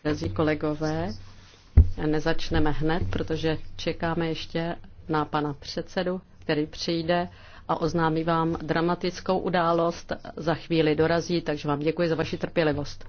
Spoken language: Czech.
Drazí kolegové, nezačneme hned, protože čekáme ještě na pana předsedu, který přijde a oznámí vám dramatickou událost. Za chvíli dorazí, takže vám děkuji za vaši trpělivost.